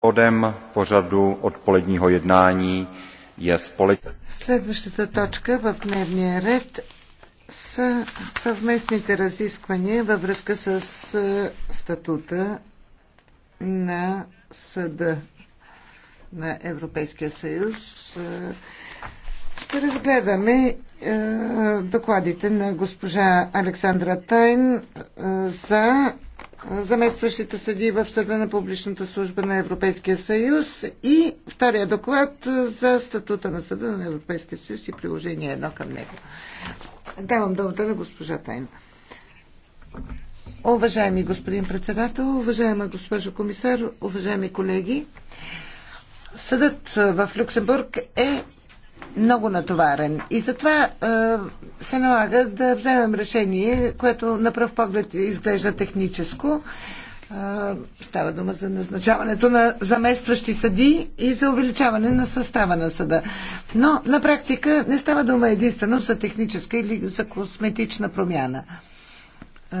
Подем пожаду odpoledního jednání je сполеч... Следващата точка в дневния ред са съвместните разисквания във връзка с е, статута на Съда на Европейския съюз. Е, ще разгледаме е, докладите на госпожа Александра Тайн за заместващите съди в съда на публичната служба на Европейския съюз и втория доклад за статута на съда на Европейския съюз и приложение едно към него. Давам думата на госпожа Тайна. Уважаеми господин председател, уважаема госпожо комисар, уважаеми колеги, съдът в Люксембург е много натоварен. И затова е, се налага да вземем решение, което на пръв поглед изглежда техническо. Е, става дума за назначаването на заместващи съди и за увеличаване на състава на съда. Но на практика не става дума единствено за техническа или за косметична промяна. Е,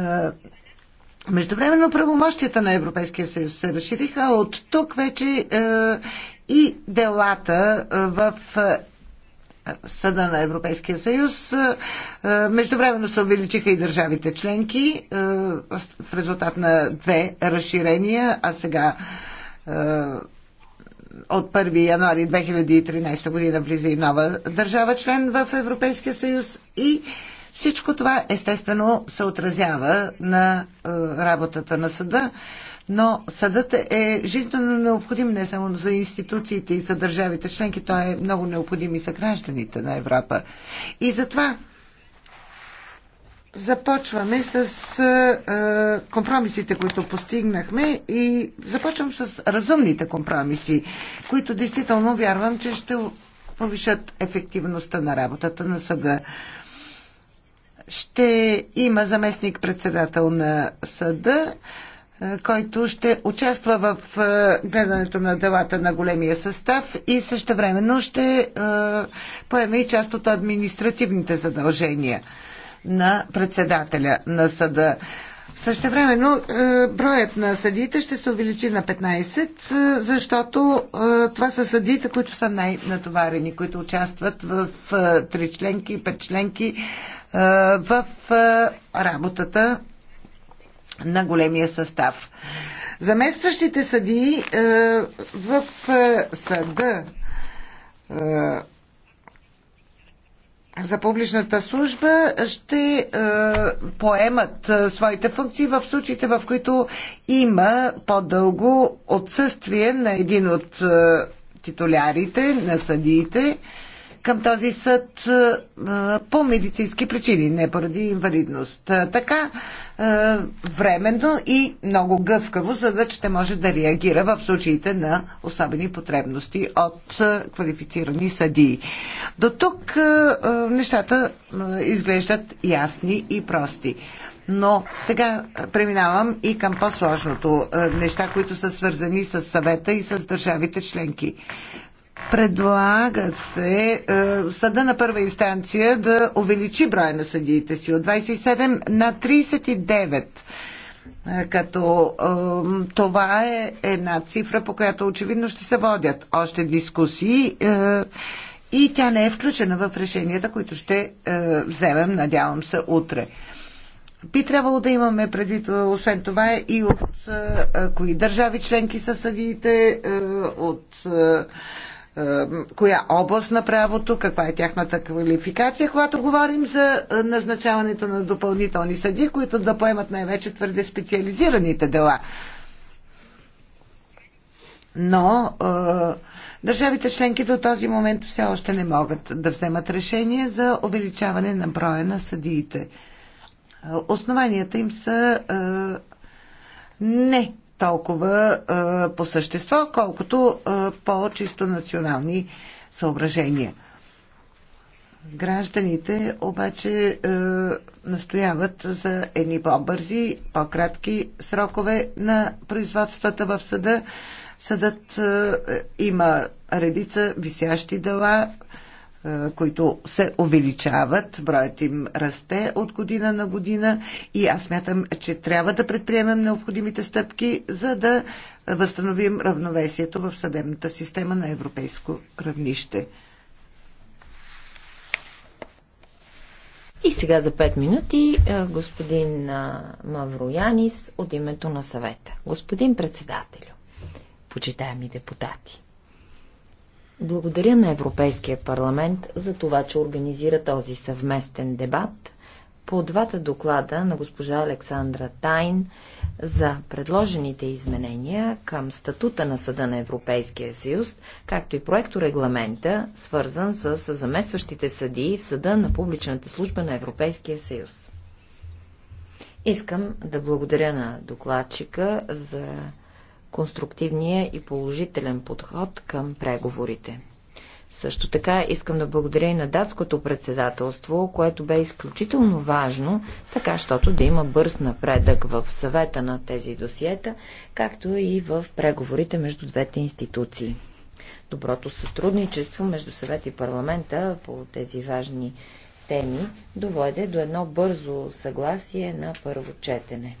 междувременно правомощията на Европейския съюз се разшириха. От тук вече и делата в Съда на Европейския съюз. Е, е, междувременно се увеличиха и държавите членки е, в резултат на две разширения, а сега от 1 януари 2013 година влиза и нова държава член в Европейския съюз и всичко това естествено се отразява на работата на съда но съдът е жизненно необходим не само за институциите и за държавите членки, той е много необходим и за гражданите на Европа. И затова започваме с а, компромисите, които постигнахме и започвам с разумните компромиси, които действително вярвам, че ще повишат ефективността на работата на съда ще има заместник председател на съда, е, който ще участва в е, гледането на делата на големия състав и също времено ще е, поеме и част от административните задължения на председателя на съда. Също времено броят на съдиите ще се увеличи на 15, защото това са съдиите, които са най-натоварени, които участват в тричленки и петчленки в работата на големия състав. Заместващите съдии е, в е, съда е, за публичната служба ще е, поемат е, своите функции в случаите, в които има по-дълго отсъствие на един от е, титулярите, на съдиите. Е, към този съд по медицински причини, не поради инвалидност. Така временно и много гъвкаво, за да ще може да реагира в случаите на особени потребности от квалифицирани съдии. До тук нещата изглеждат ясни и прости. Но сега преминавам и към по-сложното. Неща, които са свързани с съвета и с държавите членки. Предлага се е, съда на първа инстанция да увеличи броя на съдиите си от 27 на 39 е, като е, това е една цифра, по която очевидно ще се водят още дискусии е, и тя не е включена в решенията, които ще е, вземем, надявам се, утре. Би трябвало да имаме предвид, е, освен това, и от е, кои държави членки са съдиите, е, от. Е, коя област на правото, каква е тяхната квалификация, когато говорим за назначаването на допълнителни съди, които да поемат най-вече твърде специализираните дела. Но е, държавите членки до този момент все още не могат да вземат решение за увеличаване на броя на съдиите. Основанията им са е, не толкова по същество, колкото по чисто национални съображения. Гражданите обаче а, настояват за едни по-бързи, по-кратки срокове на производствата в съда. Съдът а, има редица висящи дела, които се увеличават, броят им расте от година на година и аз смятам, че трябва да предприемем необходимите стъпки, за да възстановим равновесието в съдебната система на европейско равнище. И сега за 5 минути господин Мавроянис от името на съвета. Господин председателю, почитаеми депутати, благодаря на Европейския парламент за това, че организира този съвместен дебат по двата доклада на госпожа Александра Тайн за предложените изменения към статута на Съда на Европейския съюз, както и проекторегламента, свързан с заместващите съдии в Съда на Публичната служба на Европейския съюз. Искам да благодаря на докладчика за конструктивния и положителен подход към преговорите. Също така искам да благодаря и на датското председателство, което бе изключително важно, така щото да има бърз напредък в съвета на тези досиета, както и в преговорите между двете институции. Доброто сътрудничество между съвет и парламента по тези важни теми доведе до едно бързо съгласие на първо четене.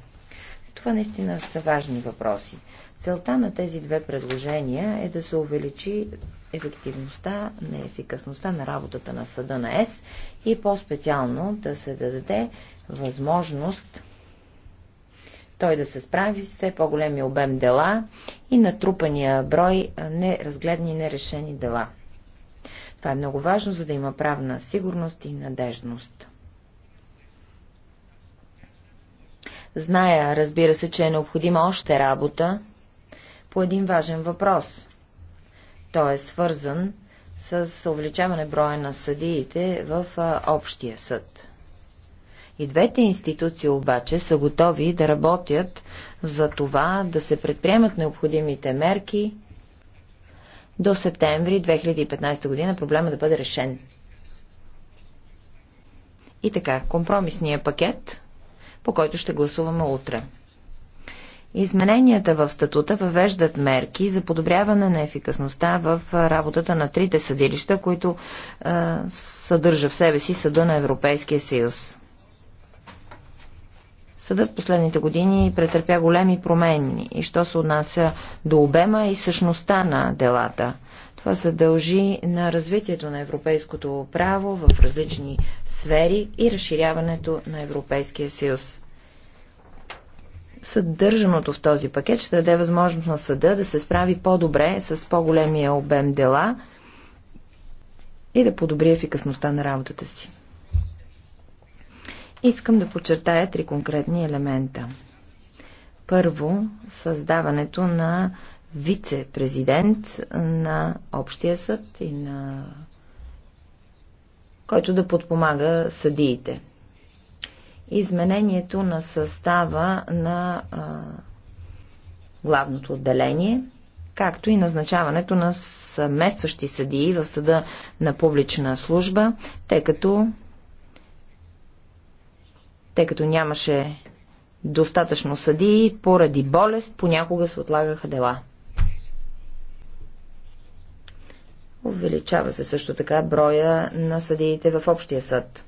Това наистина са важни въпроси. Целта на тези две предложения е да се увеличи ефективността на ефикасността на работата на съда на ЕС и по-специално да се даде възможност той да се справи с все по-големи обем дела и натрупания брой неразгледни и нерешени дела. Това е много важно, за да има правна сигурност и надежност. Зная, разбира се, че е необходима още работа, по един важен въпрос. Той е свързан с увеличаване броя на съдиите в Общия съд. И двете институции обаче са готови да работят за това да се предприемат необходимите мерки до септември 2015 година проблема да бъде решен. И така, компромисния пакет, по който ще гласуваме утре. Измененията в статута въвеждат мерки за подобряване на ефикасността в работата на трите съдилища, които е, съдържа в себе си Съда на Европейския съюз. Съдът последните години претърпя големи промени и що се отнася до обема и същността на делата. Това се дължи на развитието на европейското право в различни сфери и разширяването на Европейския съюз съдържаното в този пакет ще даде възможност на съда да се справи по-добре с по-големия обем дела и да подобри ефикасността на работата си. Искам да подчертая три конкретни елемента. Първо, създаването на вице-президент на Общия съд и на който да подпомага съдиите изменението на състава на а, главното отделение, както и назначаването на съместващи съдии в съда на публична служба, тъй като, тъй като нямаше достатъчно съдии, поради болест понякога се отлагаха дела. Увеличава се също така броя на съдиите в общия съд –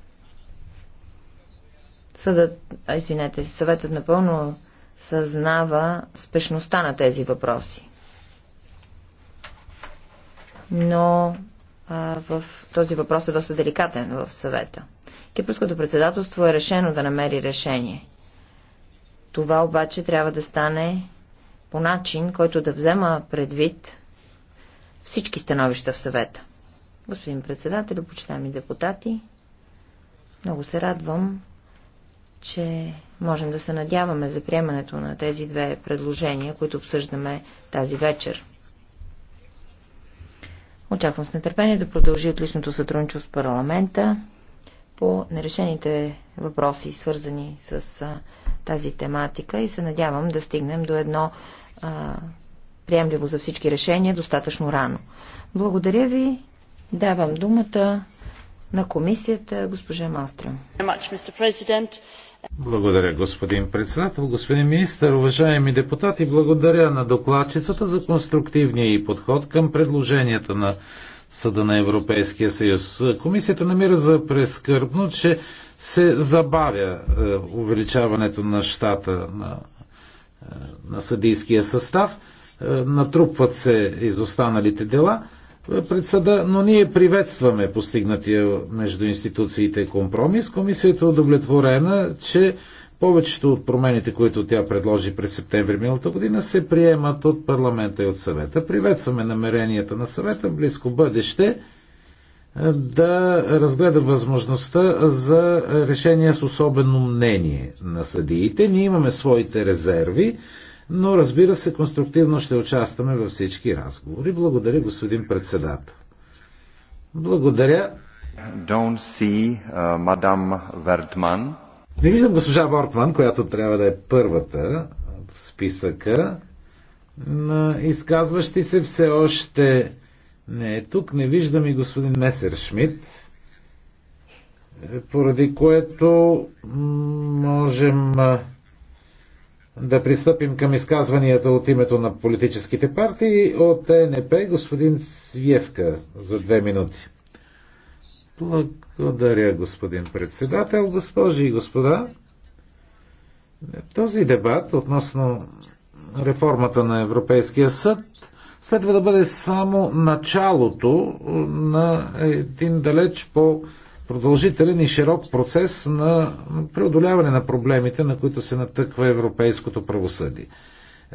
Съдът, а, извинете, съветът напълно съзнава спешността на тези въпроси. Но а, в този въпрос е доста деликатен в съвета. Кипърското председателство е решено да намери решение. Това обаче трябва да стане по начин, който да взема предвид всички становища в съвета. Господин председател, почитаеми депутати, много се радвам, че можем да се надяваме за приемането на тези две предложения, които обсъждаме тази вечер. Очаквам с нетърпение да продължи отличното сътрудничество с парламента по нерешените въпроси, свързани с а, тази тематика и се надявам да стигнем до едно а, приемливо за всички решение достатъчно рано. Благодаря ви. Давам думата на комисията госпожа Малстрем. Благодаря, господин председател, господин министър, уважаеми депутати. Благодаря на докладчицата за конструктивния и подход към предложенията на Съда на Европейския съюз. Комисията намира за прескърбно, че се забавя е, увеличаването на щата на, е, на съдийския състав, е, натрупват се изостаналите дела – пред съда, но ние приветстваме постигнатия между институциите компромис. Комисията е удовлетворена, че повечето от промените, които тя предложи през септември миналата година, се приемат от парламента и от съвета. Приветстваме намеренията на съвета в близко бъдеще е, да разгледа възможността за решение с особено мнение на съдиите. Ние имаме своите резерви но разбира се, конструктивно ще участваме във всички разговори. Благодаря, господин председател. Благодаря. Don't see, uh, Вертман. Не виждам госпожа Вортман, която трябва да е първата в списъка на изказващи се все още не е тук. Не виждам и господин Месер Шмидт, е, поради което можем да пристъпим към изказванията от името на политическите партии. От ЕНП господин Свиевка за две минути. Благодаря, господин председател, госпожи и господа. Този дебат относно реформата на Европейския съд следва да бъде само началото на един далеч по- продължителен и широк процес на преодоляване на проблемите, на които се натъква европейското правосъдие.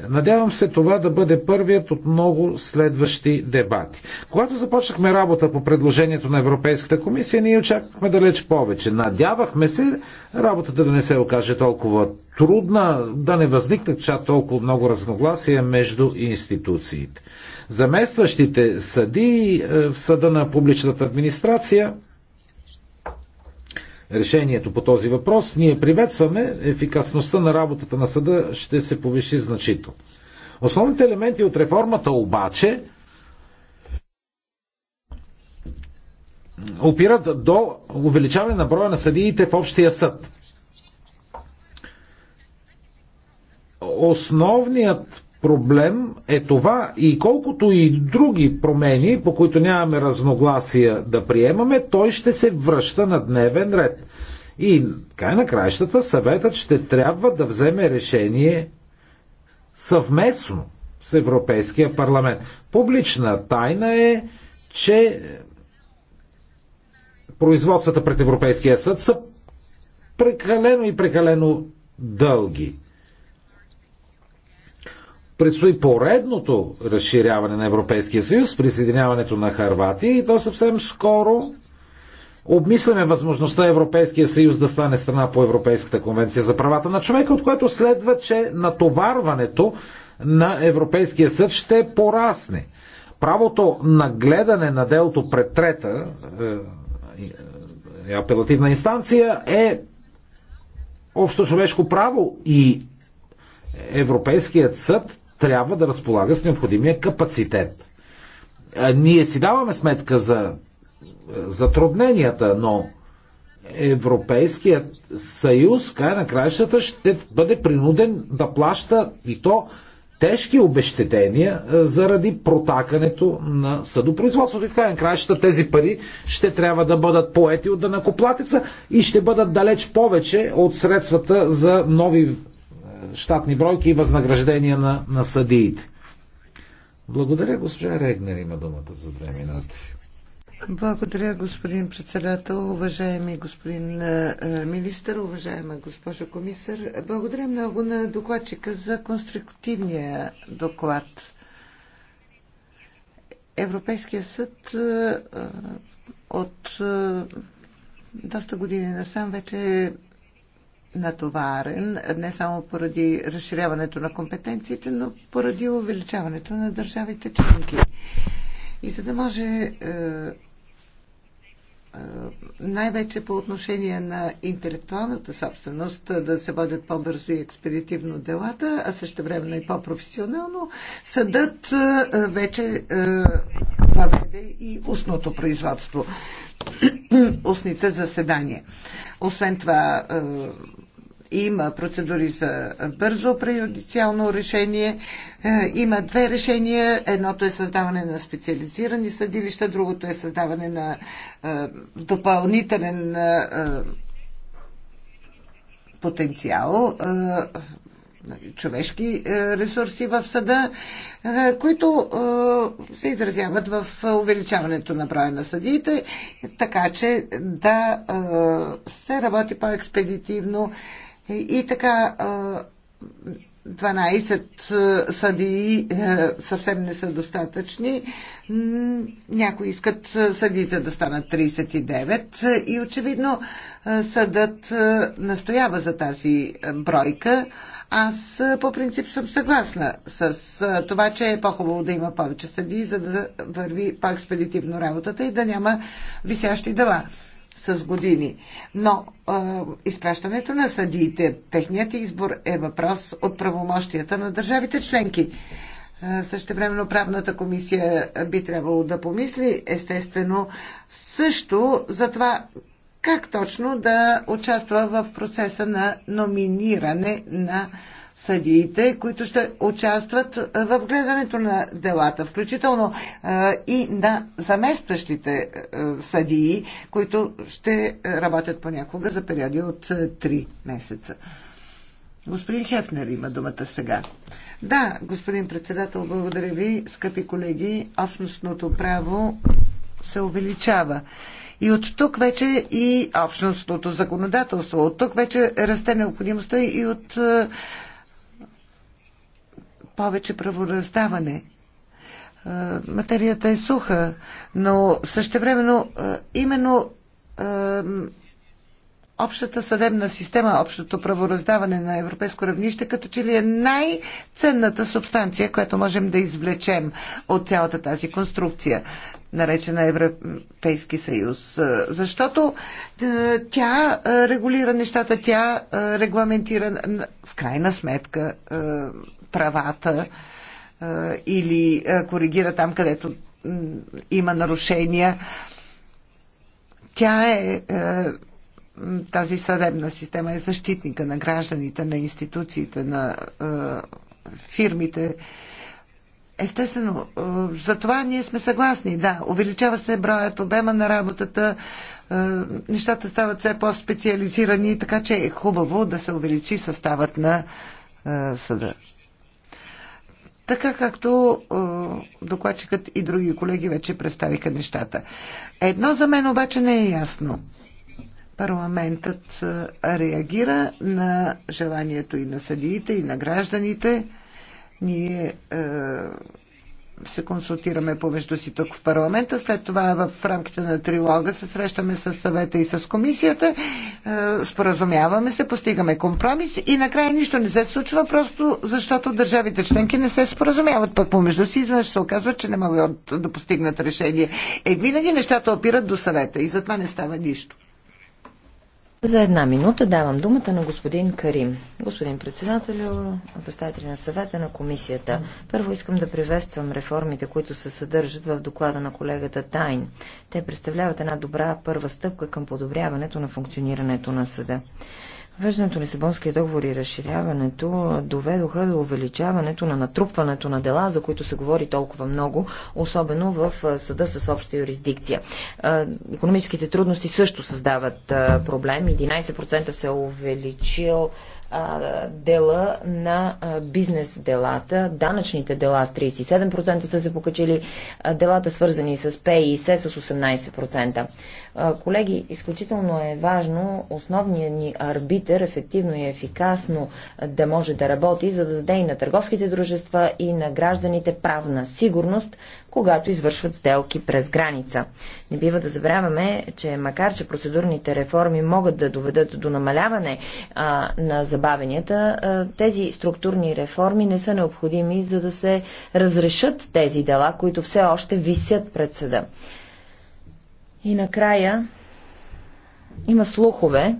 Надявам се това да бъде първият от много следващи дебати. Когато започнахме работа по предложението на Европейската комисия, ние очаквахме далеч повече. Надявахме се работата да не се окаже толкова трудна, да не възникнат чак толкова много разногласия между институциите. Заместващите съди е, в съда на публичната администрация решението по този въпрос. Ние приветстваме, ефикасността на работата на съда ще се повиши значително. Основните елементи от реформата обаче опират до увеличаване на броя на съдиите в общия съд. Основният проблем е това и колкото и други промени, по които нямаме разногласия да приемаме, той ще се връща на дневен ред. И край на краищата съветът ще трябва да вземе решение съвместно с Европейския парламент. Публична тайна е, че производствата пред Европейския съд са прекалено и прекалено дълги предстои поредното разширяване на Европейския съюз, присъединяването на Харватия и то съвсем скоро обмисляме възможността Европейския съюз да стане страна по Европейската конвенция за правата на човека, от което следва, че натоварването на Европейския съд ще порасне. Правото на гледане на делото пред трета е, е, е апелативна инстанция е общо човешко право и Европейският съд трябва да разполага с необходимия капацитет. Ние си даваме сметка за е, затрудненията, но Европейският съюз, край на краищата, ще бъде принуден да плаща и то тежки обещетения е, заради протакането на съдопроизводството. И в край на краищата тези пари ще трябва да бъдат поети от данакоплатеца и ще бъдат далеч повече от средствата за нови щатни бройки и възнаграждения на, на съдиите. Благодаря, госпожа Регнер има думата за две минути. Благодаря, господин председател, уважаеми господин е, е, министър, уважаема госпожо комисар. Благодаря много на докладчика за конструктивния доклад. Европейския съд е, от доста години насам вече натоварен не само поради разширяването на компетенциите, но поради увеличаването на държавите членки. И за да може е, е, най-вече по отношение на интелектуалната собственост е, да се водят по-бързо и експедитивно делата, а също времено и по-професионално, съдът вече въведе и устното производство, устните заседания. Освен това, има процедури за бързо преюдициално решение. Е, има две решения. Едното е създаване на специализирани съдилища, другото е създаване на е, допълнителен е, потенциал човешки ресурси в съда, които се изразяват в увеличаването на броя на съдиите, така че да се работи по-експедитивно, и така, 12 съдии съвсем не са достатъчни. Някои искат съдиите да станат 39 и очевидно съдът настоява за тази бройка. Аз по принцип съм съгласна с това, че е по-хубаво да има повече съдии, за да върви по-експедитивно работата и да няма висящи дела с години. Но е, изпращането на съдиите, техният избор е въпрос от правомощията на държавите членки. Същевременно правната комисия би трябвало да помисли, естествено, също за това как точно да участва в процеса на номиниране на съдиите, които ще участват е, в гледането на делата, включително е, и на заместващите е, съдии, които ще работят понякога за периоди от 3 месеца. Господин Хефнер има думата сега. Да, господин председател, благодаря ви, скъпи колеги. Общностното право се увеличава. И от тук вече и общностното законодателство, от тук вече расте необходимостта и от повече правораздаване. Е, материята е суха, но същевременно е, именно е, общата съдебна система, общото правораздаване на европейско равнище, като че ли е най-ценната субстанция, която можем да извлечем от цялата тази конструкция, наречена Европейски съюз. Защото тя регулира нещата, тя регламентира в крайна сметка правата е, или е, коригира там, където има нарушения. Тя е, е тази съдебна система е защитника на гражданите, на институциите, на фирмите. Естествено, за това ние сме съгласни. Да, увеличава се броят, обема на работата, нещата стават все по-специализирани, така че е хубаво да се увеличи съставът на съда така както докладчикът и други колеги вече представиха нещата. Едно за мен обаче не е ясно. Парламентът реагира на желанието и на съдиите, и на гражданите. Ние е, се консултираме помежду си тук в парламента. След това е в рамките на трилога се срещаме с съвета и с комисията, е, споразумяваме се, постигаме компромис и накрая нищо не се случва, просто защото държавите членки не се споразумяват пък помежду си, изведнъж се оказва, че не могат да постигнат решение. Е, винаги нещата опират до съвета и затова не става нищо. За една минута давам думата на господин Карим. Господин председател, представители на съвета на комисията. Първо искам да приветствам реформите, които се съдържат в доклада на колегата Тайн. Те представляват една добра първа стъпка към подобряването на функционирането на съда. Въвеждането на Лисабонския договор и разширяването доведоха до увеличаването на натрупването на дела, за които се говори толкова много, особено в съда с обща юрисдикция. Економическите трудности също създават проблем. 11% се е увеличил дела на бизнес делата, данъчните дела с 37% са се покачили, делата свързани с ПИС с 18%. Колеги, изключително е важно основният ни арбитър ефективно и ефикасно да може да работи, за да даде и на търговските дружества и на гражданите правна сигурност, когато извършват сделки през граница. Не бива да забравяме, че макар, че процедурните реформи могат да доведат до намаляване а, на забавенията, а, тези структурни реформи не са необходими, за да се разрешат тези дела, които все още висят пред съда. И накрая има слухове,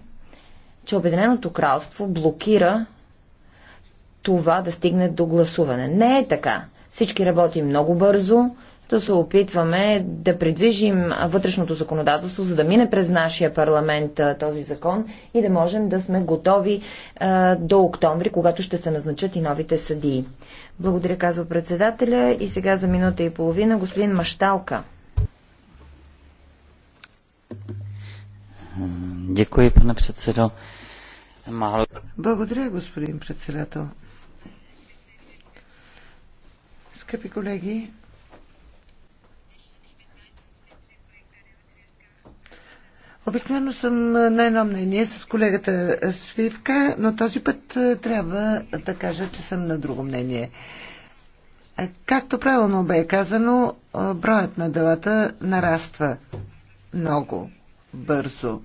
че Обединеното кралство блокира това да стигне до гласуване. Не е така. Всички работим много бързо, то се опитваме да придвижим вътрешното законодателство, за да мине през нашия парламент този закон и да можем да сме готови до октомври, когато ще се назначат и новите съдии. Благодаря, казва председателя. И сега за минута и половина господин Машталка. Děkuji, pane předsedo. Málo... Благодаря, господин председател. Скъпи колеги, Обикновено съм на едно мнение с колегата Свивка, но този път е, трябва да кажа, че съм на друго мнение. Е, както правилно бе казано, е, броят на делата нараства много бързо.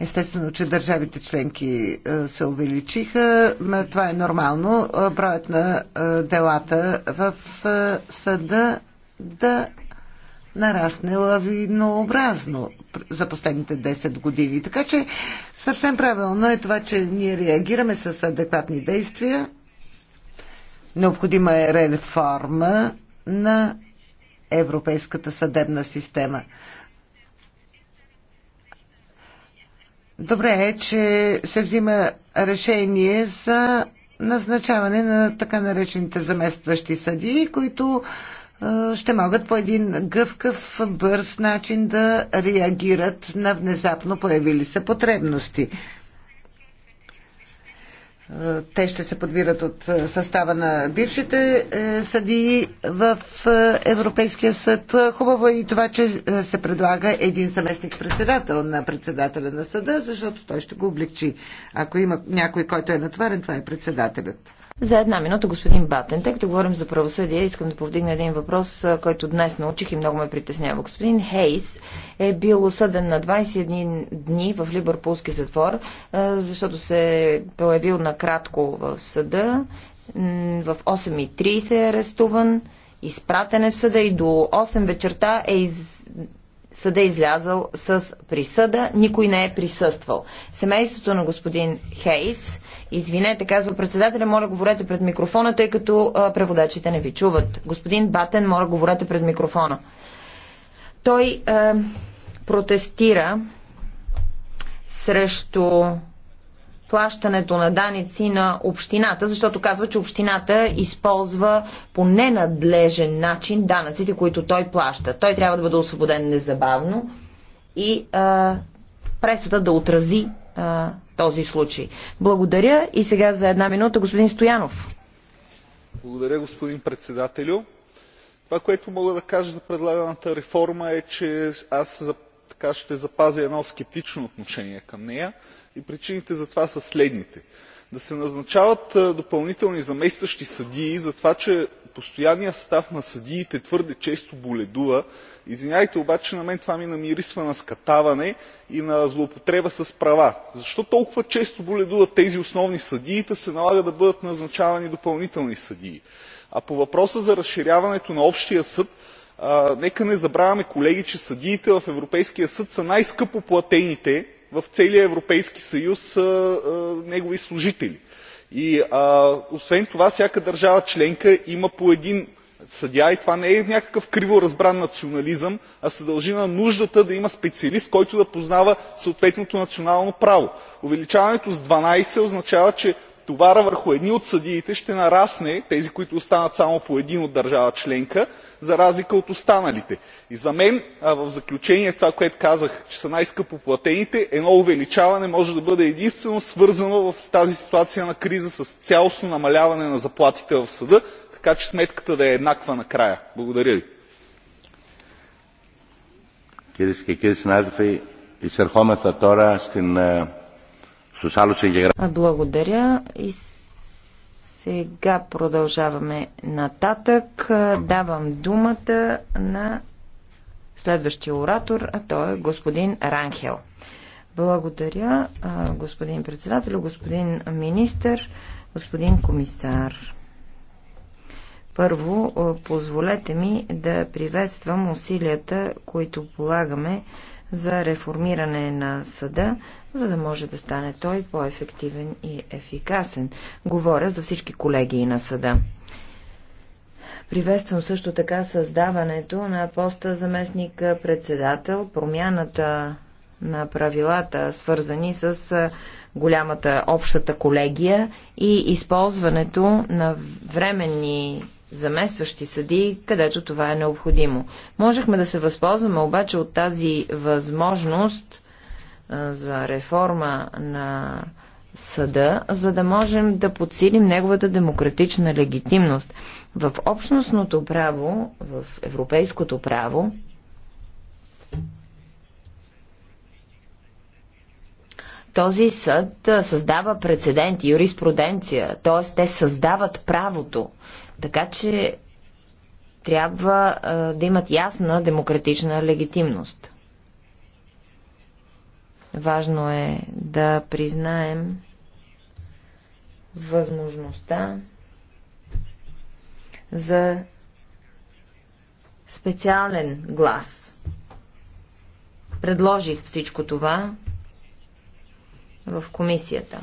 Естествено, че държавите членки е, се увеличиха. Това е нормално. Е, броят на е, делата в съда да нарасне лавинообразно за последните 10 години. Така че съвсем правилно е това, че ние реагираме с адекватни действия. Необходима е реформа на европейската съдебна система. Добре е, че се взима решение за назначаване на така наречените заместващи съдии, които ще могат по един гъвкав, бърз начин да реагират на внезапно появили се потребности те ще се подбират от е, състава на бившите е, съдии в е, Европейския съд. Хубаво е и това, че се предлага един съместник-председател на председателя на съда, защото той ще го облегчи. Ако има някой, който е натварен, това е председателят. За една минута, господин Батен, тъй като говорим за правосъдие, искам да повдигна един въпрос, който днес научих и много ме притеснява. Господин Хейс е бил осъден на 21 дни в Либърпулски затвор, защото се е появил накратко в съда. В 8.30 е арестуван, изпратен е в съда и до 8 вечерта е из съда е излязъл с присъда, никой не е присъствал. Семейството на господин Хейс Извинете, казва председателя, моля говорете пред микрофона, тъй като а, преводачите не ви чуват. Господин Батен, моля говорете пред микрофона. Той а, протестира срещу плащането на даници на общината, защото казва, че общината използва по ненадлежен начин данъците, които той плаща. Той трябва да бъде освободен незабавно и а, пресата да отрази а, този случай. Благодаря и сега за една минута господин Стоянов. Благодаря, господин председателю. Това, което мога да кажа за предлаганата реформа е, че аз така ще запазя едно скептично отношение към нея и причините за това са следните. Да се назначават допълнителни заместващи съдии за това, че постоянният състав на съдиите твърде често боледува. Извинявайте, обаче на мен това ми намирисва на скатаване и на злоупотреба с права. Защо толкова често боледуват тези основни съдии, се налага да бъдат назначавани допълнителни съдии? А по въпроса за разширяването на общия съд, нека не забравяме, колеги, че съдиите в Европейския съд са най-скъпо платените в целия Европейски съюз негови служители. И освен това, всяка държава членка има по един съдия и това не е някакъв криво разбран национализъм, а се дължи на нуждата да има специалист, който да познава съответното национално право. Увеличаването с 12 означава, че товара върху едни от съдиите ще нарасне, тези, които останат само по един от държава членка, за разлика от останалите. И за мен в заключение това, което казах, че са най-скъпо платените, едно увеличаване може да бъде единствено свързано в тази ситуация на криза с цялостно намаляване на заплатите в съда, така че сметката да е еднаква накрая. Благодаря ви. Сега продължаваме нататък. Давам думата на следващия оратор, а той е господин Ранхел. Благодаря, господин председател, господин министър, господин комисар. Първо, позволете ми да приветствам усилията, които полагаме за реформиране на съда, за да може да стане той по-ефективен и ефикасен. Говоря за всички колеги на съда. Приветствам също така създаването на поста заместник председател, промяната на правилата, свързани с голямата общата колегия и използването на временни заместващи съди, където това е необходимо. Можехме да се възползваме обаче от тази възможност – за реформа на съда, за да можем да подсилим неговата демократична легитимност. В общностното право, в европейското право, този съд създава прецедент, юриспруденция, т.е. те създават правото. Така че трябва да имат ясна демократична легитимност. Важно е да признаем възможността за специален глас. Предложих всичко това в комисията.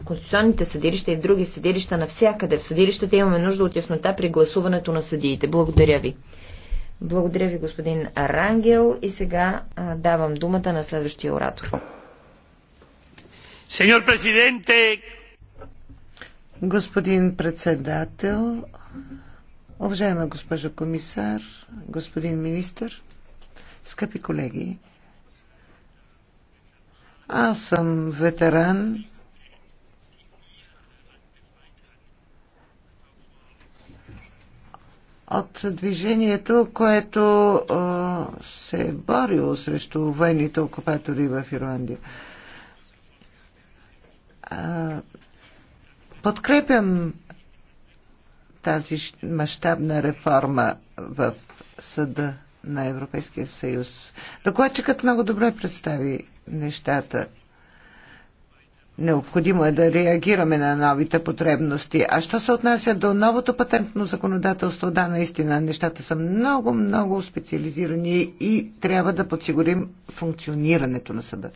В конституционните съдилища и в други съдилища, навсякъде в съдилищата имаме нужда от яснота при гласуването на съдиите. Благодаря ви. Благодаря ви, господин Рангел. И сега а, давам думата на следващия оратор. Сеньор президенте! Господин председател, уважаема госпожа комисар, господин министър, скъпи колеги, аз съм ветеран от движението, което се е борило срещу военните окупатори в Ирландия. подкрепям тази мащабна реформа в съда на Европейския съюз. Докладчикът много добре представи нещата. Необходимо е да реагираме на новите потребности. А що се отнася до новото патентно законодателство, да, наистина, нещата са много, много специализирани и трябва да подсигурим функционирането на съда.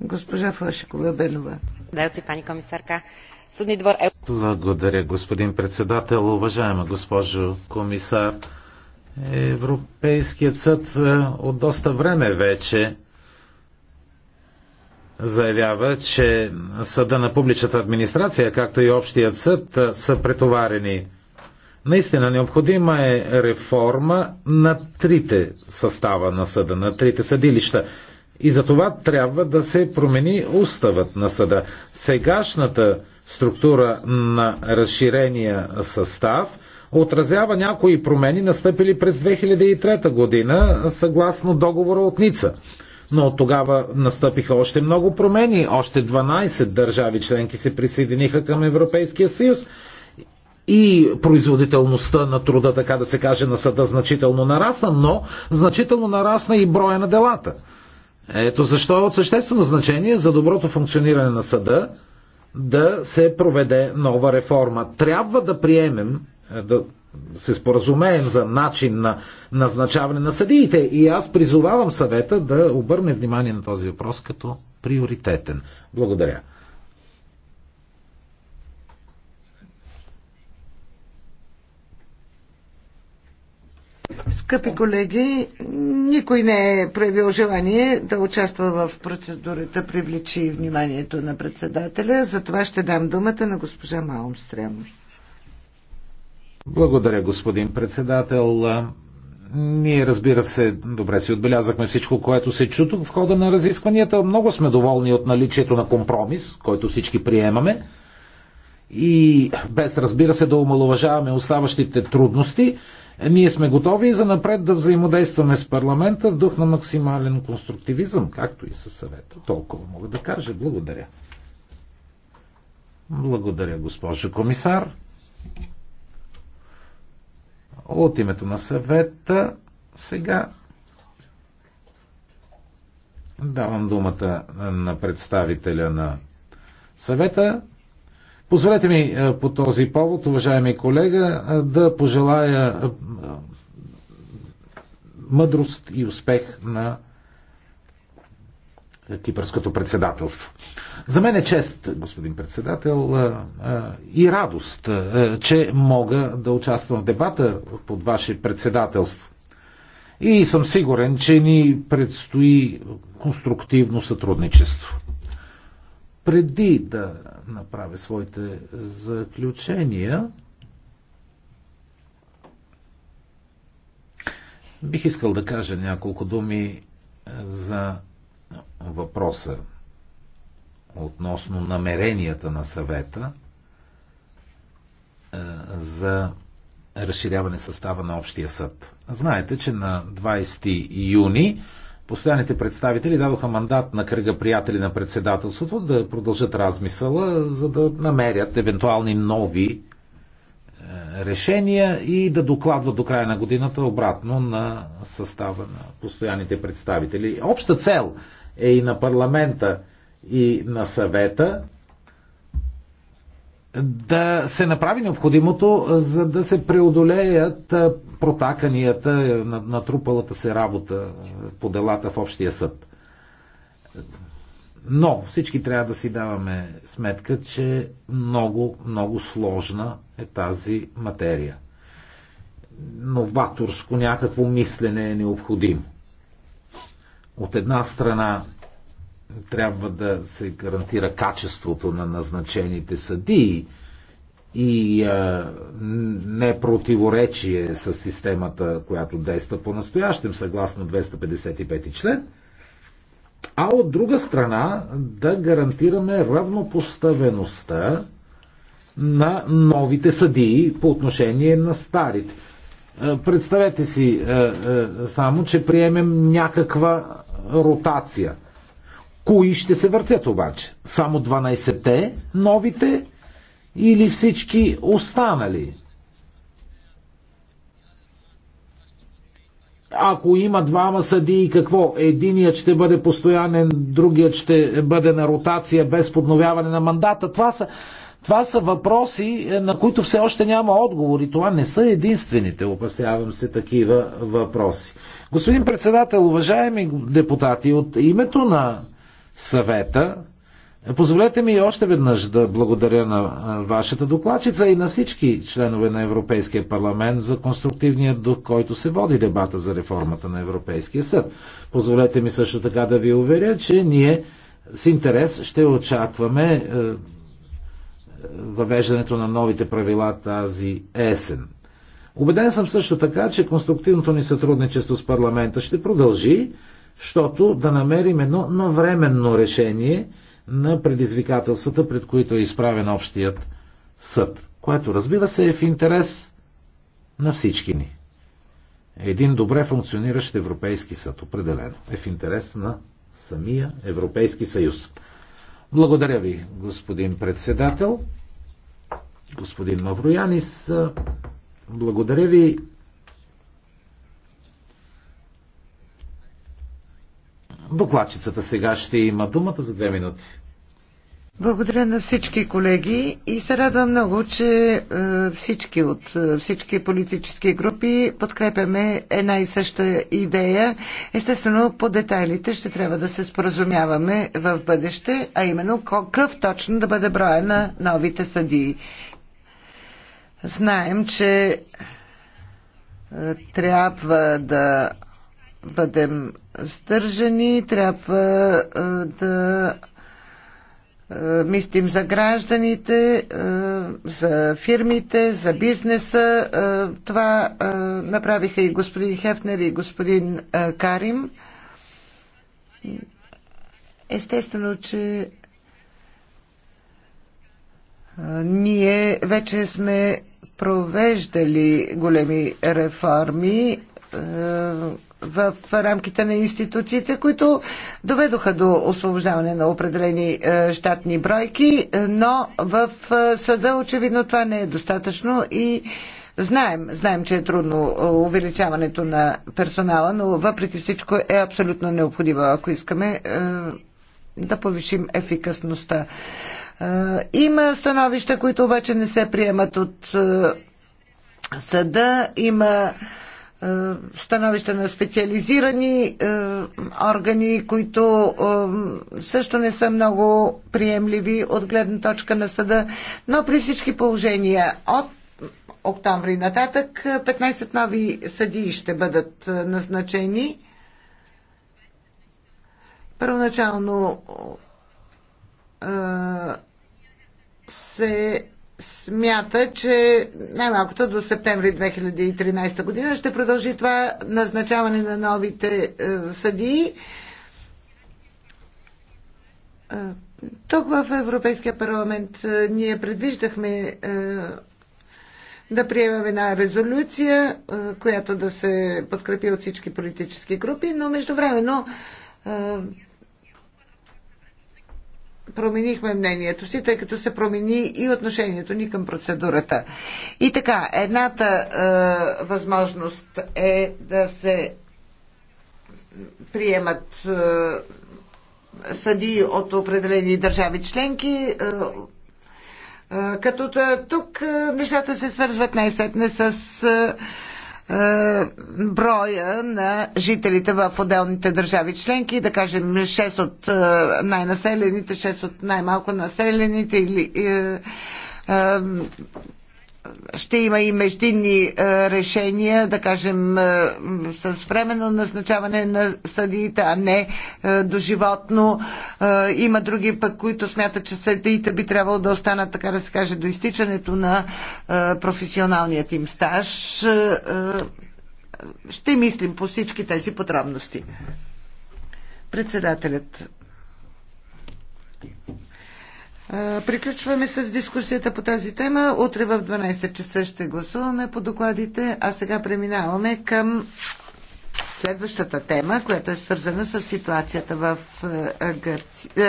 Госпожа Флашикова Бенова. Здравейте, пани комисарка. Судни двор е... Благодаря, господин председател. Уважаема госпожо комисар, Европейският съд е, от доста време вече заявява, че съда на публичната администрация, както и общият съд, са претоварени. Наистина необходима е реформа на трите състава на съда, на трите съдилища. И за това трябва да се промени уставът на съда. Сегашната структура на разширения състав отразява някои промени, настъпили през 2003 година, съгласно договора от Ница. Но от тогава настъпиха още много промени. Още 12 държави членки се присъединиха към Европейския съюз и производителността на труда, така да се каже, на съда значително нарасна, но значително нарасна и броя на делата. Ето защо е от съществено значение за доброто функциониране на съда да се проведе нова реформа. Трябва да приемем, е, да се споразумеем за начин на назначаване на съдиите и аз призовавам съвета да обърне внимание на този въпрос като приоритетен. Благодаря. Скъпи колеги, никой не е проявил желание да участва в процедурата привлечи вниманието на председателя. Затова ще дам думата на госпожа Маумстрем. Благодаря, господин председател. Ние, разбира се, добре си отбелязахме всичко, което се чу тук в хода на разискванията. Много сме доволни от наличието на компромис, който всички приемаме. И без, разбира се, да омалуважаваме оставащите трудности, ние сме готови и за напред да взаимодействаме с парламента в дух на максимален конструктивизъм, както и със съвета. Толкова мога да кажа. Благодаря. Благодаря, госпожо комисар. От името на съвета сега давам думата на представителя на съвета Позволете ми е, по този повод, уважаеми колега, е, да пожелая е, мъдрост и успех на кипърското председателство. За мен е чест, господин председател, и радост, че мога да участвам в дебата под ваше председателство. И съм сигурен, че ни предстои конструктивно сътрудничество преди да направя своите заключения, бих искал да кажа няколко думи е, за въпроса относно намеренията на съвета е, за разширяване състава на Общия съд. Знаете, че на 20 юни Постоянните представители дадоха мандат на кръга приятели на председателството да продължат размисъла, за да намерят евентуални нови е, решения и да докладват до края на годината обратно на състава на постоянните представители. Обща цел е и на парламента, и на съвета да се направи необходимото, за да се преодолеят протаканията на натрупалата се работа по делата в Общия съд. Но всички трябва да си даваме сметка, че много, много сложна е тази материя. Новаторско някакво мислене е необходимо. От една страна трябва да се гарантира качеството на назначените съдии и а, не противоречие с системата, която действа по настоящем, съгласно 255 член, а от друга страна да гарантираме равнопоставеността на новите съдии по отношение на старите. Представете си само, че приемем някаква ротация – Кои ще се въртят обаче? Само 12-те новите или всички останали? Ако има двама съдии, какво? Единият ще бъде постоянен, другият ще бъде на ротация без подновяване на мандата. Това са, това са въпроси, е, на които все още няма отговори. Това не са единствените, опасявам се, такива въпроси. Господин председател, уважаеми депутати, от името на съвета. Позволете ми още веднъж да благодаря на вашата докладчица и на всички членове на Европейския парламент за конструктивния дух, който се води дебата за реформата на Европейския съд. Позволете ми също така да ви уверя, че ние с интерес ще очакваме е, въвеждането на новите правила тази есен. Убеден съм също така, че конструктивното ни сътрудничество с парламента ще продължи защото да намерим едно навременно решение на предизвикателствата, пред които е изправен общият съд, което разбира се е в интерес на всички ни. Един добре функциониращ Европейски съд определено е в интерес на самия Европейски съюз. Благодаря ви, господин председател, господин Мавроянис. Благодаря ви Докладчицата сега ще има думата за две минути. Благодаря на всички колеги и се радвам много, че е, всички от е, всички политически групи подкрепяме една и съща идея. Естествено, по детайлите ще трябва да се споразумяваме в бъдеще, а именно какъв точно да бъде броя на новите съдии. Знаем, че е, трябва да бъдем стържени, трябва да мислим за гражданите, за фирмите, за бизнеса. Това направиха и господин Хефнер и господин Карим. Естествено, че ние вече сме провеждали големи реформи в рамките на институциите, които доведоха до освобождаване на определени е, щатни бройки, е, но в е, съда очевидно това не е достатъчно и Знаем, знаем, че е трудно увеличаването на персонала, но въпреки всичко е абсолютно необходимо, ако искаме да повишим ефикасността. Има становища, които обаче не се приемат от съда. Има е, становища на специализирани е, органи, които е, също не са много приемливи от гледна точка на съда, но при всички положения от октомври нататък 15 нови съдии ще бъдат назначени. Първоначално се смята, че най-малкото до септември 2013 година ще продължи това назначаване на новите е, съдии. Е, тук в Европейския парламент е, ние предвиждахме е, да приемем една резолюция, е, която да се подкрепи от всички политически групи, но междувременно е, променихме мнението си, тъй като се промени и отношението ни към процедурата. И така, едната е, възможност е да се приемат е, съди от определени държави членки. Е, е като тук е, нещата се свързват най-сетне с е, е, броя на жителите в отделните държави членки, да кажем 6 от е, най-населените, 6 от най-малко населените или е, ще има и междинни е, решения, да кажем, е, с временно назначаване на съдиите, а не е, доживотно. Има други пък, които смятат, че съдиите би трябвало да останат, така да се каже, до изтичането на професионалният им стаж. Ще мислим по всички тези подробности. Председателят Приключваме с дискусията по тази тема. Утре в 12 часа ще гласуваме по докладите, а сега преминаваме към следващата тема, която е свързана с ситуацията в Гърция.